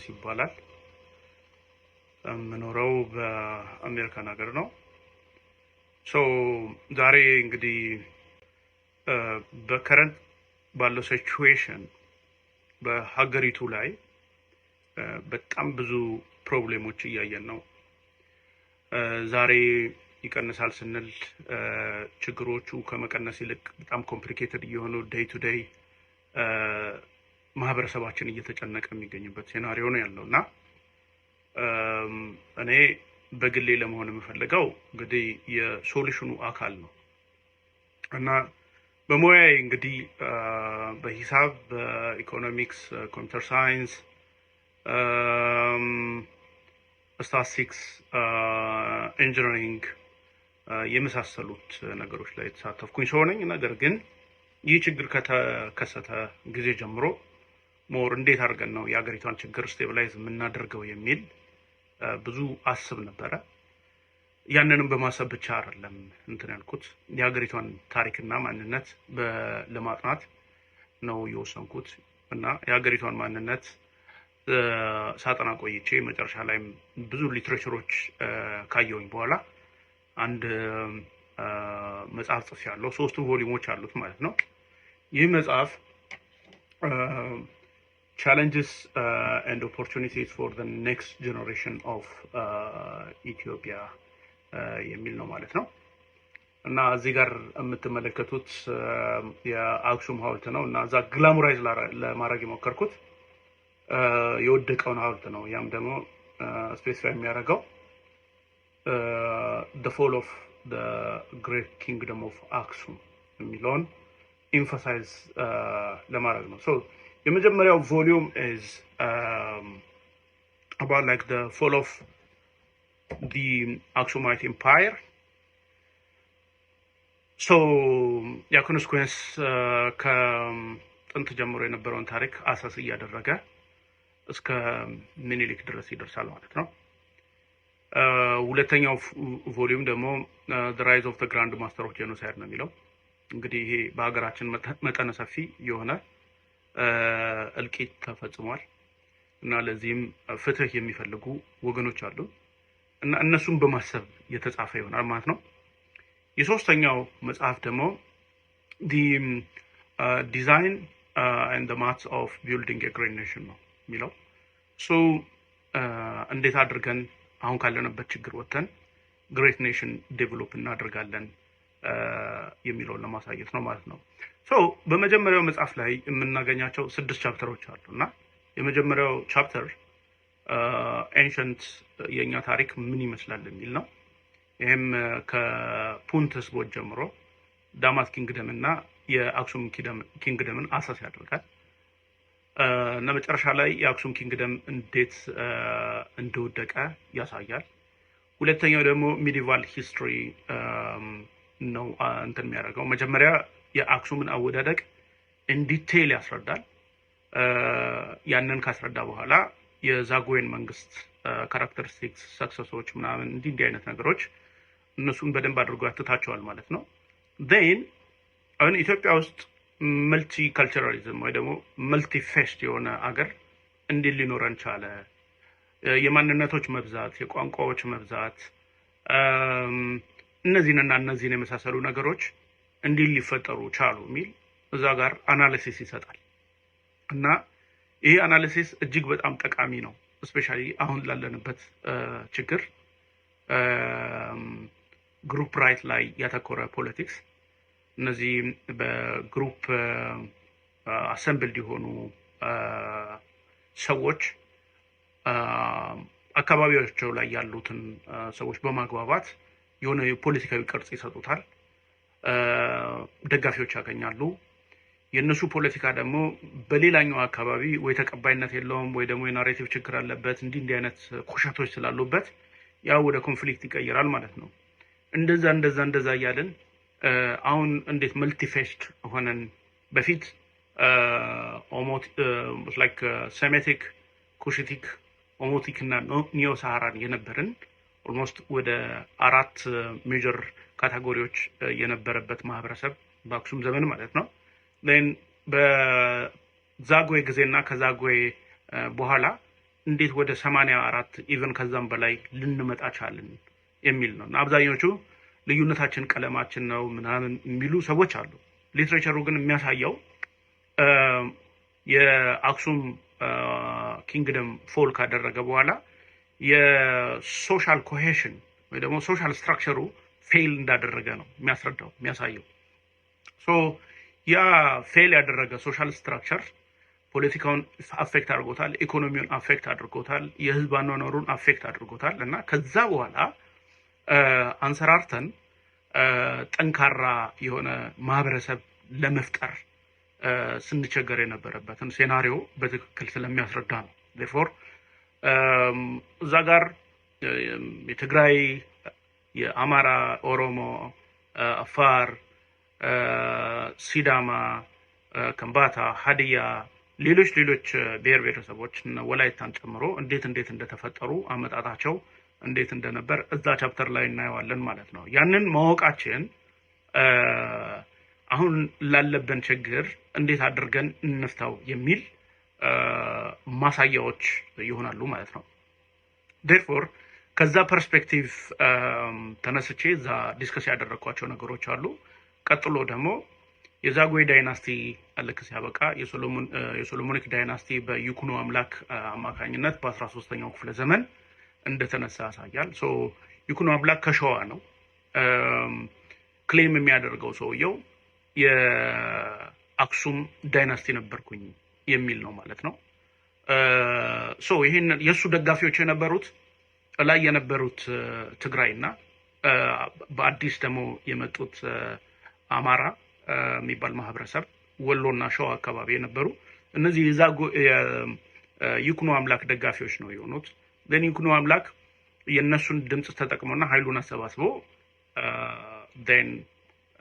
ሞሪስ ይባላል። የምኖረው በአሜሪካን ሀገር ነው። ሶ ዛሬ እንግዲህ በከረንት ባለው ሲቹዌሽን በሀገሪቱ ላይ በጣም ብዙ ፕሮብሌሞች እያየን ነው። ዛሬ ይቀንሳል ስንል ችግሮቹ ከመቀነስ ይልቅ በጣም ኮምፕሊኬትድ እየሆኑ ዴይ ቱ ዴይ ማህበረሰባችን እየተጨነቀ የሚገኝበት ሴናሪዮ ነው ያለው እና እኔ በግሌ ለመሆን የምፈልገው እንግዲህ የሶሉሽኑ አካል ነው እና በሙያዬ እንግዲህ በሂሳብ፣ በኢኮኖሚክስ፣ ኮምፒውተር ሳይንስ፣ ስታትስቲክስ፣ ኢንጂነሪንግ የመሳሰሉት ነገሮች ላይ የተሳተፍኩኝ ሰው ነኝ። ነገር ግን ይህ ችግር ከተከሰተ ጊዜ ጀምሮ ሞር እንዴት አድርገን ነው የሀገሪቷን ችግር ስቴብላይዝ የምናደርገው የሚል ብዙ አስብ ነበረ። ያንንም በማሰብ ብቻ አይደለም እንትን ያልኩት የሀገሪቷን ታሪክና ማንነት ለማጥናት ነው የወሰንኩት እና የሀገሪቷን ማንነት ሳጠና ቆይቼ መጨረሻ ላይም ብዙ ሊትሬቸሮች ካየውኝ በኋላ አንድ መጽሐፍ ጽፌያለሁ። ሶስቱም ቮሊሞች አሉት ማለት ነው። ይህ መጽሐፍ challenges uh, and opportunities for the next generation of ኢትዮጵያ uh, uh, የሚል ነው ማለት ነው። እና እዚህ ጋር የምትመለከቱት uh, የአክሱም ሐውልት ነው እና እዛ ግላሞራይዝ ለማድረግ የሞከርኩት የወደቀውን ሐውልት ነው። ያም ደግሞ ስፔሲፋይ የሚያደርገው ደ ፎል ኦፍ ደ ግሬት ኪንግደም ኦፍ አክሱም የሚለውን ኢንፈሳይዝ ለማድረግ ነው። የመጀመሪያው ቮሊዩም ኢዝ about like the fall of the Aksumite Empire. So የአክኖስ ኩንስ ከጥንት ጀምሮ የነበረውን ታሪክ አሳስ እያደረገ እስከ ምኒልክ ድረስ ይደርሳል ማለት ነው። ሁለተኛው ቮሊዩም ደግሞ the rise of the grand master of genocide ነው የሚለው እንግዲህ ይሄ በሀገራችን መጠነ ሰፊ የሆነ እልቂት ተፈጽሟል እና ለዚህም ፍትህ የሚፈልጉ ወገኖች አሉ እና እነሱን በማሰብ የተጻፈ ይሆናል ማለት ነው። የሶስተኛው መጽሐፍ ደግሞ ዲዛይን ኤንድ ማትስ ኦፍ ቢልዲንግ ግሬት ኔሽን ነው የሚለው እንዴት አድርገን አሁን ካለንበት ችግር ወጥተን ግሬት ኔሽን ዴቨሎፕ እናደርጋለን የሚለውን ለማሳየት ነው ማለት ነው። ሶ በመጀመሪያው መጽሐፍ ላይ የምናገኛቸው ስድስት ቻፕተሮች አሉ እና የመጀመሪያው ቻፕተር ኤንሸንት የእኛ ታሪክ ምን ይመስላል የሚል ነው። ይህም ከፑንት ቦት ጀምሮ ዳማት ኪንግደም እና የአክሱም ኪንግደምን አሳስ ያደርጋል እና መጨረሻ ላይ የአክሱም ኪንግደም እንዴት እንደወደቀ ያሳያል። ሁለተኛው ደግሞ ሚዲቫል ሂስትሪ ነው እንትን የሚያደርገው። መጀመሪያ የአክሱምን አወዳደቅ እንዲቴል ያስረዳል። ያንን ካስረዳ በኋላ የዛጉዌን መንግስት ካራክተሪስቲክስ፣ ሰክሰሶች ምናምን እንዲህ እንዲህ አይነት ነገሮች እነሱን በደንብ አድርጎ ያትታቸዋል ማለት ነው። ዜን አሁን ኢትዮጵያ ውስጥ መልቲ ካልቸራሊዝም ወይ ደግሞ መልቲ ፌስት የሆነ አገር እንዴት ሊኖረን ቻለ? የማንነቶች መብዛት፣ የቋንቋዎች መብዛት እነዚህንና እነዚህን የመሳሰሉ ነገሮች እንዲህ ሊፈጠሩ ቻሉ የሚል እዛ ጋር አናሊሲስ ይሰጣል እና ይህ አናሊሲስ እጅግ በጣም ጠቃሚ ነው። እስፔሻሊ አሁን ላለንበት ችግር ግሩፕ ራይት ላይ ያተኮረ ፖለቲክስ እነዚህ በግሩፕ አሰምብል የሆኑ ሰዎች አካባቢያቸው ላይ ያሉትን ሰዎች በማግባባት የሆነ የፖለቲካዊ ቅርጽ ይሰጡታል፣ ደጋፊዎች ያገኛሉ። የእነሱ ፖለቲካ ደግሞ በሌላኛው አካባቢ ወይ ተቀባይነት የለውም ወይ ደግሞ የናሬቲቭ ችግር አለበት። እንዲህ እንዲህ አይነት ኩሸቶች ስላሉበት ያው ወደ ኮንፍሊክት ይቀይራል ማለት ነው። እንደዛ እንደዛ እንደዛ እያልን አሁን እንዴት መልቲፌስት ሆነን በፊት ላይክ ሴሜቲክ ኩሽቲክ ኦሞቲክ እና ኒዮ ሳሃራን የነበርን ኦልሞስት ወደ አራት ሜጀር ካታጎሪዎች የነበረበት ማህበረሰብ በአክሱም ዘመን ማለት ነው። ን በዛጎይ ጊዜና ከዛጎይ በኋላ እንዴት ወደ ሰማንያ አራት ኢቨን ከዛም በላይ ልንመጣ ቻልን የሚል ነው። አብዛኞቹ ልዩነታችን ቀለማችን ነው ምናምን የሚሉ ሰዎች አሉ። ሊትሬቸሩ ግን የሚያሳየው የአክሱም ኪንግደም ፎል ካደረገ በኋላ የሶሻል ኮሄሽን ወይ ደግሞ ሶሻል ስትራክቸሩ ፌል እንዳደረገ ነው የሚያስረዳው የሚያሳየው። ያ ፌል ያደረገ ሶሻል ስትራክቸር ፖለቲካውን አፌክት አድርጎታል፣ ኢኮኖሚውን አፌክት አድርጎታል፣ የህዝብ አኗኗሩን አፌክት አድርጎታል እና ከዛ በኋላ አንሰራርተን ጠንካራ የሆነ ማህበረሰብ ለመፍጠር ስንቸገር የነበረበትን ሴናሪዮ በትክክል ስለሚያስረዳ ነው ፎር እዛ ጋር የትግራይ፣ የአማራ፣ ኦሮሞ፣ አፋር፣ ሲዳማ፣ ከምባታ፣ ሀዲያ ሌሎች ሌሎች ብሔር ብሔረሰቦች ወላይታን ጨምሮ እንዴት እንዴት እንደተፈጠሩ አመጣጣቸው እንዴት እንደነበር እዛ ቻፕተር ላይ እናየዋለን ማለት ነው። ያንን ማወቃችን አሁን ላለብን ችግር እንዴት አድርገን እንፍታው የሚል ማሳያዎች ይሆናሉ ማለት ነው። ዴርፎር ከዛ ፐርስፔክቲቭ um, ተነስቼ እዛ ዲስከስ ያደረግኳቸው ነገሮች አሉ። ቀጥሎ ደግሞ የዛጉዌ ዳይናስቲ ልክ ሲያበቃ uh, የሶሎሞኒክ ዳይናስቲ በዩኩኖ አምላክ uh, አማካኝነት በአስራ ሶስተኛው ክፍለ ዘመን እንደተነሳ ያሳያል። ሶ ዩኩኖ አምላክ ከሸዋ ነው ክሌም um, የሚያደርገው ሰውየው የአክሱም ዳይናስቲ ነበርኩኝ የሚል ነው ማለት ነው። ሶ ይህን የእሱ ደጋፊዎች የነበሩት ላይ የነበሩት ትግራይ እና በአዲስ ደግሞ የመጡት አማራ የሚባል ማህበረሰብ ወሎና ሸዋ አካባቢ የነበሩ እነዚህ የዛጎ ይኩኖ አምላክ ደጋፊዎች ነው የሆኑት። ግን ይኩኖ አምላክ የእነሱን ድምፅ ተጠቅሞና ሀይሉን አሰባስቦ ን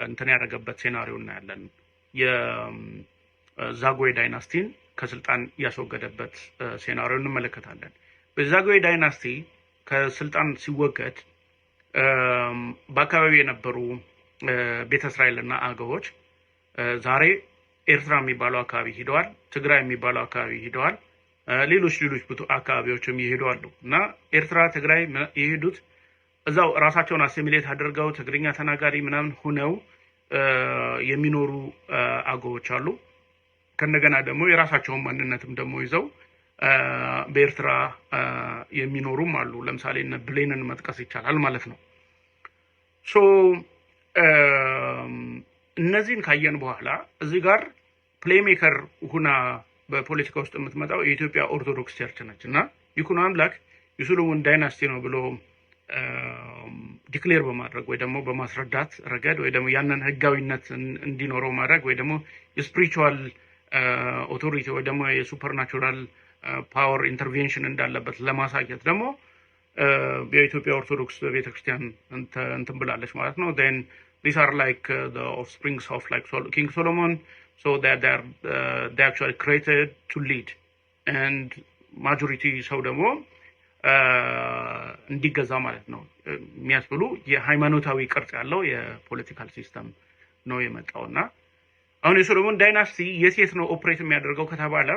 እንትን ያደረገበት ሴናሪዮ እናያለን። ዛጎይ ዳይናስቲን ከስልጣን ያስወገደበት ሴናሪዮ እንመለከታለን። በዛጎይ ዳይናስቲ ከስልጣን ሲወገድ በአካባቢ የነበሩ ቤተ እስራኤልና አገቦች ዛሬ ኤርትራ የሚባለው አካባቢ ሂደዋል። ትግራይ የሚባለው አካባቢ ሂደዋል። ሌሎች ሌሎች ብዙ አካባቢዎችም ይሄዱ እና ኤርትራ፣ ትግራይ የሄዱት እዛው ራሳቸውን አሲሚሌት አድርገው ትግርኛ ተናጋሪ ምናምን ሆነው የሚኖሩ አገዎች አሉ። ከእንደገና ደግሞ የራሳቸውን ማንነትም ደግሞ ይዘው በኤርትራ የሚኖሩም አሉ። ለምሳሌ እነ ብሌንን መጥቀስ ይቻላል ማለት ነው። ሶ እነዚህን ካየን በኋላ እዚህ ጋር ፕሌሜከር ሁና በፖለቲካ ውስጥ የምትመጣው የኢትዮጵያ ኦርቶዶክስ ቸርች ነች እና ይኩኖ አምላክ የሱሉሙን ዳይናስቲ ነው ብሎ ዲክሌር በማድረግ ወይ ደግሞ በማስረዳት ረገድ ወይ ደግሞ ያንን ህጋዊነት እንዲኖረው ማድረግ ወይ ደግሞ የስፕሪቹዋል ኦቶሪቲ uh, ወይ ደግሞ የሱፐርናቹራል ፓወር uh, ኢንተርቬንሽን እንዳለበት ለማሳየት ደግሞ uh, የኢትዮጵያ ኦርቶዶክስ ቤተክርስቲያን እንትን ብላለች ማለት ነው። ን ዲስ አር ላይክ ኦፍስፕሪንግስ ኦፍ ላይክ ኪንግ ሶሎሞን ሶ አክቹዋሊ ክሬትድ ቱ ሊድ ንድ ማጆሪቲ ሰው ደግሞ እንዲገዛ ማለት ነው የሚያስብሉ የሃይማኖታዊ ቅርጽ ያለው የፖለቲካል ሲስተም ነው የመጣው እና አሁን የሶሎሞን ዳይናስቲ የሴት ነው ኦፕሬት የሚያደርገው ከተባለ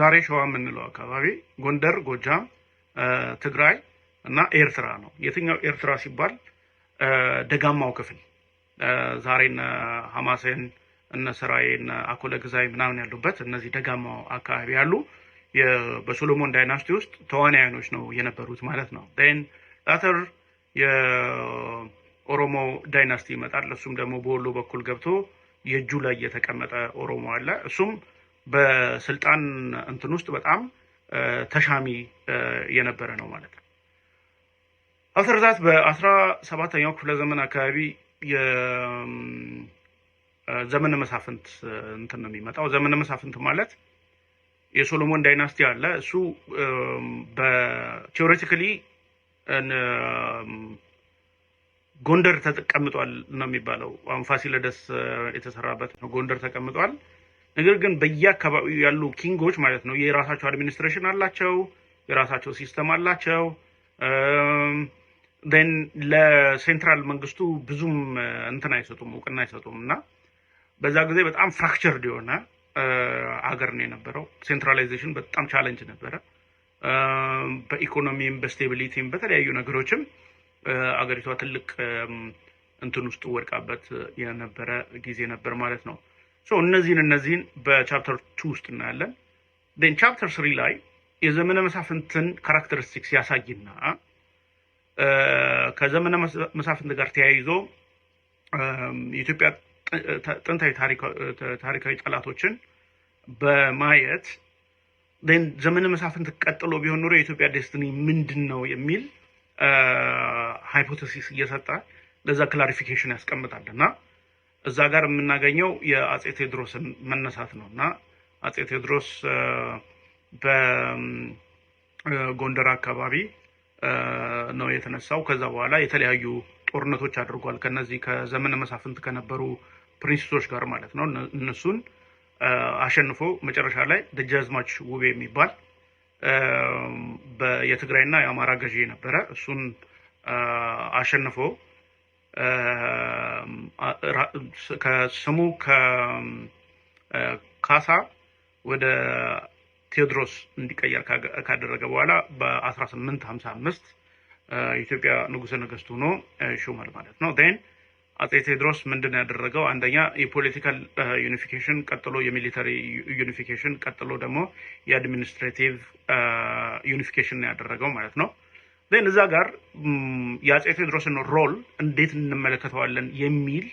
ዛሬ ሸዋ የምንለው አካባቢ ጎንደር፣ ጎጃም፣ ትግራይ እና ኤርትራ ነው። የትኛው ኤርትራ ሲባል ደጋማው ክፍል ዛሬ እነ ሐማሴን እነ ስራዬ እነ አኮለ ግዛይ ምናምን ያሉበት እነዚህ ደጋማው አካባቢ ያሉ በሶሎሞን ዳይናስቲ ውስጥ ተዋናያኖች ነው የነበሩት ማለት ነው። ን ላተር የኦሮሞ ዳይናስቲ ይመጣል። እሱም ደግሞ በወሎ በኩል ገብቶ የእጁ ላይ የተቀመጠ ኦሮሞ አለ። እሱም በስልጣን እንትን ውስጥ በጣም ተሻሚ የነበረ ነው ማለት ነው። አፍተር ዛት በአስራ ሰባተኛው ክፍለ ዘመን አካባቢ ዘመነ መሳፍንት እንትን ነው የሚመጣው። ዘመነ መሳፍንት ማለት የሶሎሞን ዳይናስቲ አለ። እሱ በቴዎሬቲካሊ ጎንደር ተቀምጧል ነው የሚባለው። አሁን ፋሲለደስ የተሰራበት ነው ጎንደር ተቀምጧል። ነገር ግን በየአካባቢው ያሉ ኪንጎች ማለት ነው የራሳቸው አድሚኒስትሬሽን አላቸው፣ የራሳቸው ሲስተም አላቸው። ን ለሴንትራል መንግስቱ ብዙም እንትን አይሰጡም፣ እውቅና አይሰጡም። እና በዛ ጊዜ በጣም ፍራክቸርድ የሆነ አገር ነው የነበረው። ሴንትራላይዜሽን በጣም ቻለንጅ ነበረ፣ በኢኮኖሚም በስቴቢሊቲም በተለያዩ ነገሮችም አገሪቷ ትልቅ እንትን ውስጥ ወድቃበት የነበረ ጊዜ ነበር ማለት ነው። እነዚህን እነዚህን በቻፕተር ቱ ውስጥ እናያለን። ን ቻፕተር ስሪ ላይ የዘመነ መሳፍንትን ካራክተሪስቲክስ ያሳይና ከዘመነ መሳፍንት ጋር ተያይዞ የኢትዮጵያ ጥንታዊ ታሪካዊ ጠላቶችን በማየት ዘመነ መሳፍንት ቀጥሎ ቢሆን ኖሮ የኢትዮጵያ ዴስትኒ ምንድን ነው የሚል ሃይፖቴሲስ እየሰጠ ለዛ ክላሪፊኬሽን ያስቀምጣል እና እዛ ጋር የምናገኘው የአፄ ቴዎድሮስን መነሳት ነው እና አፄ ቴዎድሮስ በጎንደር አካባቢ ነው የተነሳው። ከዛ በኋላ የተለያዩ ጦርነቶች አድርጓል። ከነዚህ ከዘመነ መሳፍንት ከነበሩ ፕሪንስቶች ጋር ማለት ነው። እነሱን አሸንፎ መጨረሻ ላይ ደጃዝማች ውቤ የሚባል የትግራይና የአማራ ገዢ ነበረ። እሱን አሸንፎ ስሙ ከካሳ ወደ ቴዎድሮስ እንዲቀየር ካደረገ በኋላ በ1855 የኢትዮጵያ ንጉሰ ነገስት ሆኖ ሹመል ማለት ነው። አጼ ቴዎድሮስ ምንድን ነው ያደረገው? አንደኛ የፖለቲካል ዩኒፊኬሽን፣ ቀጥሎ የሚሊታሪ ዩኒፊኬሽን፣ ቀጥሎ ደግሞ የአድሚኒስትሬቲቭ ዩኒፊኬሽን ነው ያደረገው ማለት ነው። ዜን እዛ ጋር የአጼ ቴዎድሮስን ሮል እንዴት እንመለከተዋለን የሚል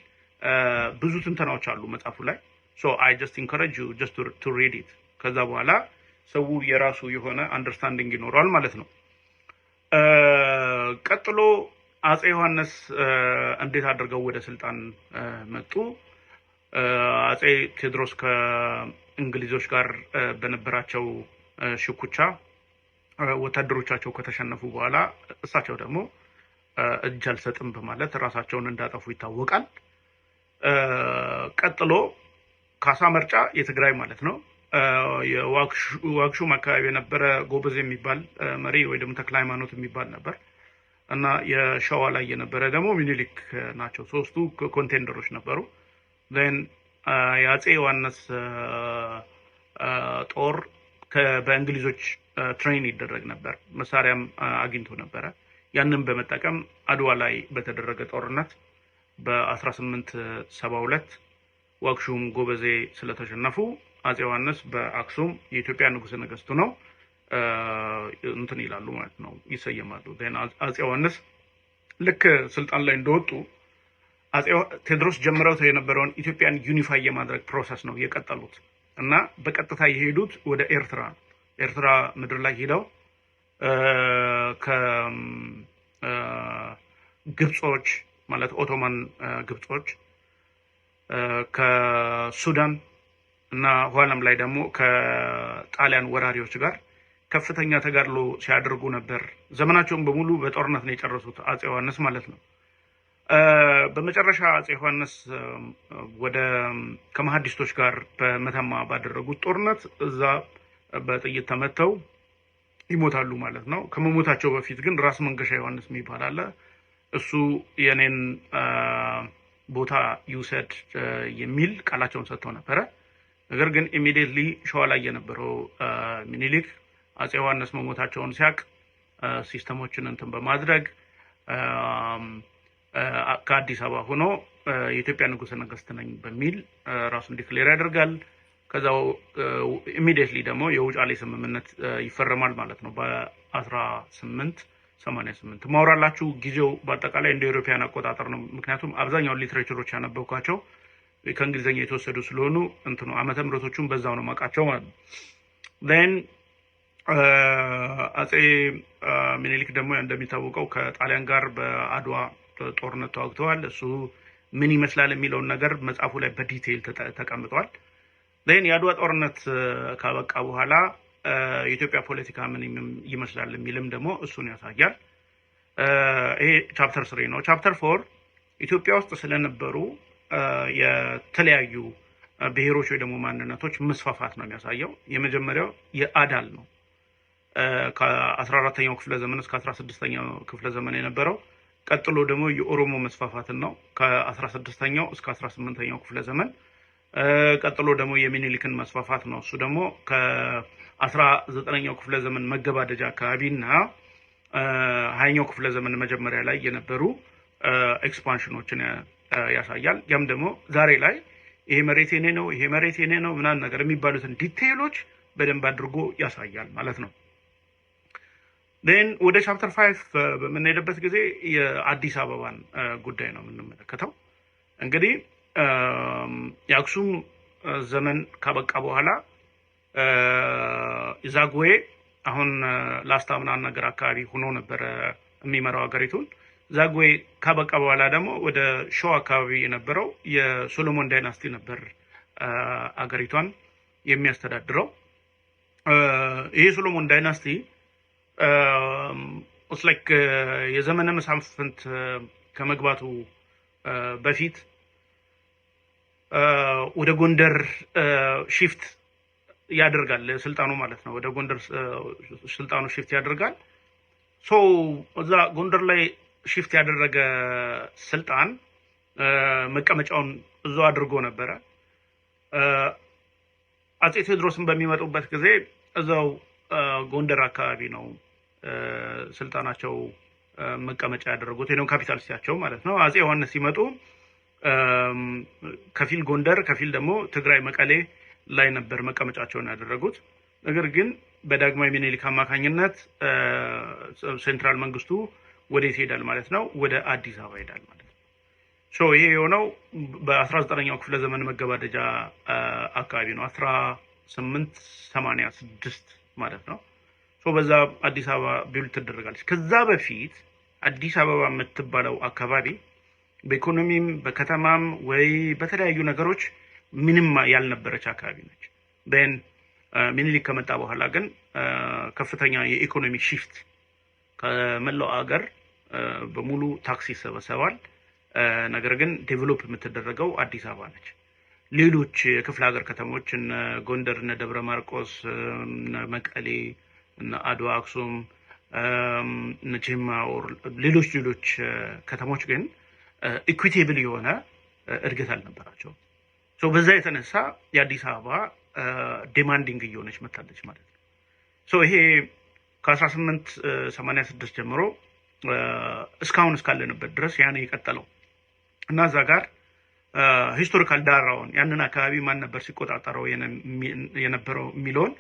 ብዙ ትንተናዎች አሉ መጽሐፉ ላይ። ሶ አይ ጀስት ዩ ጀስት ቱ ሪድ ኢት። ከዛ በኋላ ሰው የራሱ የሆነ አንደርስታንዲንግ ይኖረዋል ማለት ነው። ቀጥሎ አጼ ዮሐንስ እንዴት አድርገው ወደ ስልጣን መጡ? አጼ ቴዎድሮስ ከእንግሊዞች ጋር በነበራቸው ሽኩቻ ወታደሮቻቸው ከተሸነፉ በኋላ እሳቸው ደግሞ እጅ አልሰጥም በማለት ራሳቸውን እንዳጠፉ ይታወቃል። ቀጥሎ ካሳ መርጫ የትግራይ ማለት ነው። የዋግሹም አካባቢ የነበረ ጎበዝ የሚባል መሪ ወይ ደግሞ ተክለ ሃይማኖት የሚባል ነበር። እና የሸዋ ላይ የነበረ ደግሞ ሚኒሊክ uh, ናቸው። ሶስቱ ኮንቴንደሮች ነበሩ። ን uh, የአፄ ዮሐንስ uh, ጦር በእንግሊዞች ትሬን ይደረግ ነበር። መሳሪያም አግኝቶ ነበረ። ያንን በመጠቀም አድዋ ላይ በተደረገ ጦርነት በ1872 ዋግሹም ጎበዜ ስለተሸነፉ አፄ ዮሐንስ በአክሱም የኢትዮጵያ ንጉሠ ነገሥቱ ነው። እንትን ይላሉ ማለት ነው፣ ይሰየማሉ። አጼ ዮሐንስ ልክ ስልጣን ላይ እንደወጡ ቴዎድሮስ ጀምረው የነበረውን ኢትዮጵያን ዩኒፋይ የማድረግ ፕሮሰስ ነው የቀጠሉት እና በቀጥታ የሄዱት ወደ ኤርትራ ኤርትራ ምድር ላይ ሄደው ከግብጾች ማለት ኦቶማን ግብጾች ከሱዳን እና ኋላም ላይ ደግሞ ከጣሊያን ወራሪዎች ጋር ከፍተኛ ተጋድሎ ሲያደርጉ ነበር። ዘመናቸውን በሙሉ በጦርነት ነው የጨረሱት አፄ ዮሐንስ ማለት ነው። በመጨረሻ አፄ ዮሐንስ ወደ ከመሀዲስቶች ጋር በመተማ ባደረጉት ጦርነት እዛ በጥይት ተመተው ይሞታሉ ማለት ነው። ከመሞታቸው በፊት ግን ራስ መንገሻ ዮሐንስ የሚባል አለ። እሱ የኔን ቦታ ይውሰድ የሚል ቃላቸውን ሰጥተው ነበረ። ነገር ግን ኢሚዲየትሊ ሸዋ ላይ የነበረው ሚኒሊክ አፄ ዮሐንስ መሞታቸውን ሲያቅ ሲስተሞችን እንትን በማድረግ ከአዲስ አበባ ሆኖ የኢትዮጵያ ንጉሰ ነገስት ነኝ በሚል ራሱን ዲክሌር ያደርጋል። ከዛው ኢሚዲየትሊ ደግሞ የውጫሌ ስምምነት ይፈረማል ማለት ነው በአስራ ስምንት ሰማንያ ስምንት ማውራላችሁ ጊዜው በአጠቃላይ እንደ ኤሮፓያን አቆጣጠር ነው። ምክንያቱም አብዛኛውን ሊትሬቸሮች ያነበብኳቸው ከእንግሊዝኛ የተወሰዱ ስለሆኑ እንትኑ ዓመተ ምሕረቶቹን በዛው ነው ማውቃቸው ማለት ነው ን አጼ ሚኒሊክ ደግሞ እንደሚታወቀው ከጣሊያን ጋር በአድዋ ጦርነት ተዋግተዋል። እሱ ምን ይመስላል የሚለውን ነገር መጽሐፉ ላይ በዲቴይል ተቀምጧል። ን የአድዋ ጦርነት ካበቃ በኋላ የኢትዮጵያ ፖለቲካ ምን ይመስላል የሚልም ደግሞ እሱን ያሳያል። ይሄ ቻፕተር ስሪ ነው። ቻፕተር ፎር ኢትዮጵያ ውስጥ ስለነበሩ የተለያዩ ብሔሮች ወይ ደግሞ ማንነቶች መስፋፋት ነው የሚያሳየው። የመጀመሪያው የአዳል ነው። ከ14ተኛው ክፍለ ዘመን እስከ 16 ስድስተኛው ክፍለ ዘመን የነበረው ቀጥሎ ደግሞ የኦሮሞ መስፋፋትን ነው ከ 16 እስከ 18 ስምንተኛው ክፍለ ዘመን ቀጥሎ ደግሞ የሚኒሊክን መስፋፋት ነው። እሱ ደግሞ ከ ዘጠነኛው ክፍለ ዘመን መገባደጃ አካባቢና ሀያኛው ክፍለ ዘመን መጀመሪያ ላይ የነበሩ ኤክስፓንሽኖችን ያሳያል። ያም ደግሞ ዛሬ ላይ ይሄ መሬት የኔ ነው፣ ይሄ መሬት የኔ ነው ምናምን ነገር የሚባሉትን ዲቴይሎች በደንብ አድርጎ ያሳያል ማለት ነው። ን ወደ ቻፕተር ፋይቭ uh, በምንሄድበት ጊዜ የአዲስ አበባን uh, ጉዳይ ነው የምንመለከተው። እንግዲህ um, የአክሱም uh, ዘመን ካበቃ በኋላ ዛጉዌ አሁን ላስታምና ነገር አካባቢ ሆኖ ነበረ የሚመራው ሀገሪቱን። ዛጉዌ ካበቃ በኋላ ደግሞ ወደ ሸዋ አካባቢ የነበረው የሶሎሞን ዳይናስቲ ነበር አገሪቷን የሚያስተዳድረው። ይሄ ሶሎሞን ዳይናስቲ ላይክ um, uh, የዘመነ መሳፍንት uh, ከመግባቱ uh, በፊት ወደ ጎንደር ሺፍት ያደርጋል ስልጣኑ ማለት ነው። ወደ ጎንደር ስልጣኑ ሺፍት ያደርጋል። ሶ እዛ ጎንደር ላይ ሺፍት ያደረገ ስልጣን መቀመጫውን እዛው አድርጎ ነበረ። አፄ ቴዎድሮስን በሚመጡበት ጊዜ እዛው ጎንደር አካባቢ ነው ስልጣናቸው መቀመጫ ያደረጉት ወይም ካፒታል ሲያቸው ማለት ነው። አፄ ዮሐንስ ሲመጡ ከፊል ጎንደር፣ ከፊል ደግሞ ትግራይ መቀሌ ላይ ነበር መቀመጫቸውን ያደረጉት። ነገር ግን በዳግማዊ ሚኒሊክ አማካኝነት ሴንትራል መንግስቱ ወዴት ይሄዳል ማለት ነው? ወደ አዲስ አበባ ይሄዳል ማለት ነው። ይሄ የሆነው 19 ዘጠነኛው ክፍለ ዘመን መገባደጃ አካባቢ ነው። 1886 ማለት ነው። በዛ አዲስ አበባ ቢውል ትደረጋለች። ከዛ በፊት አዲስ አበባ የምትባለው አካባቢ በኢኮኖሚም በከተማም ወይ በተለያዩ ነገሮች ምንም ያልነበረች አካባቢ ነች። ን ሚኒሊክ uh, ከመጣ በኋላ ግን uh, ከፍተኛ የኢኮኖሚ ሺፍት ከመላው አገር uh, በሙሉ ታክሲ ይሰበሰባል። ነገር ግን ዴቨሎፕ የምትደረገው አዲስ አበባ ነች። ሌሎች የክፍለ ሀገር ከተሞች እነ ጎንደር፣ እነ ደብረ ማርቆስ፣ እነ መቀሌ አድዋ፣ አክሱም፣ ጅማ፣ ሌሎች ሌሎች ከተሞች ግን ኢኩቴብል የሆነ እድገት አልነበራቸው። በዛ የተነሳ የአዲስ አበባ ዲማንዲንግ እየሆነች መታለች ማለት ነው። ይሄ ከ1886 ጀምሮ እስካሁን እስካለንበት ድረስ ያን የቀጠለው እና እዛ ጋር ሂስቶሪካል ዳራውን ያንን አካባቢ ማን ነበር ሲቆጣጠረው የነበረው የሚለውን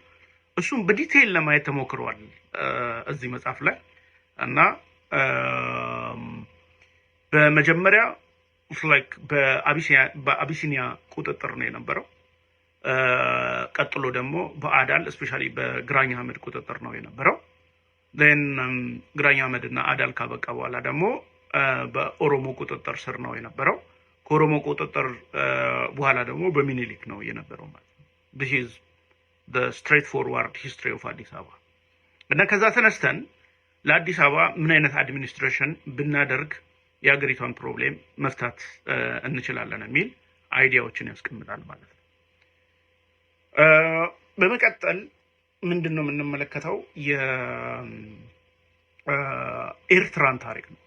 እሱም በዲቴይል ለማየት ተሞክሯል እዚህ መጽሐፍ ላይ እና በመጀመሪያ በአቢሲኒያ ቁጥጥር ነው የነበረው። ቀጥሎ ደግሞ በአዳል እስፔሻሊ በግራኝ አህመድ ቁጥጥር ነው የነበረው። ን ግራኝ አህመድ እና አዳል ካበቃ በኋላ ደግሞ በኦሮሞ ቁጥጥር ስር ነው የነበረው። ከኦሮሞ ቁጥጥር በኋላ ደግሞ በሚኒሊክ ነው የነበረው ማለት ነው። በስትሬት ፎርዋርድ ሂስትሪ ኦፍ አዲስ አበባ እና ከዛ ተነስተን ለአዲስ አበባ ምን አይነት አድሚኒስትሬሽን ብናደርግ የሀገሪቷን ፕሮብሌም መፍታት እንችላለን የሚል አይዲያዎችን ያስቀምጣል ማለት ነው። በመቀጠል ምንድን ነው የምንመለከተው የኤርትራን ታሪክ ነው።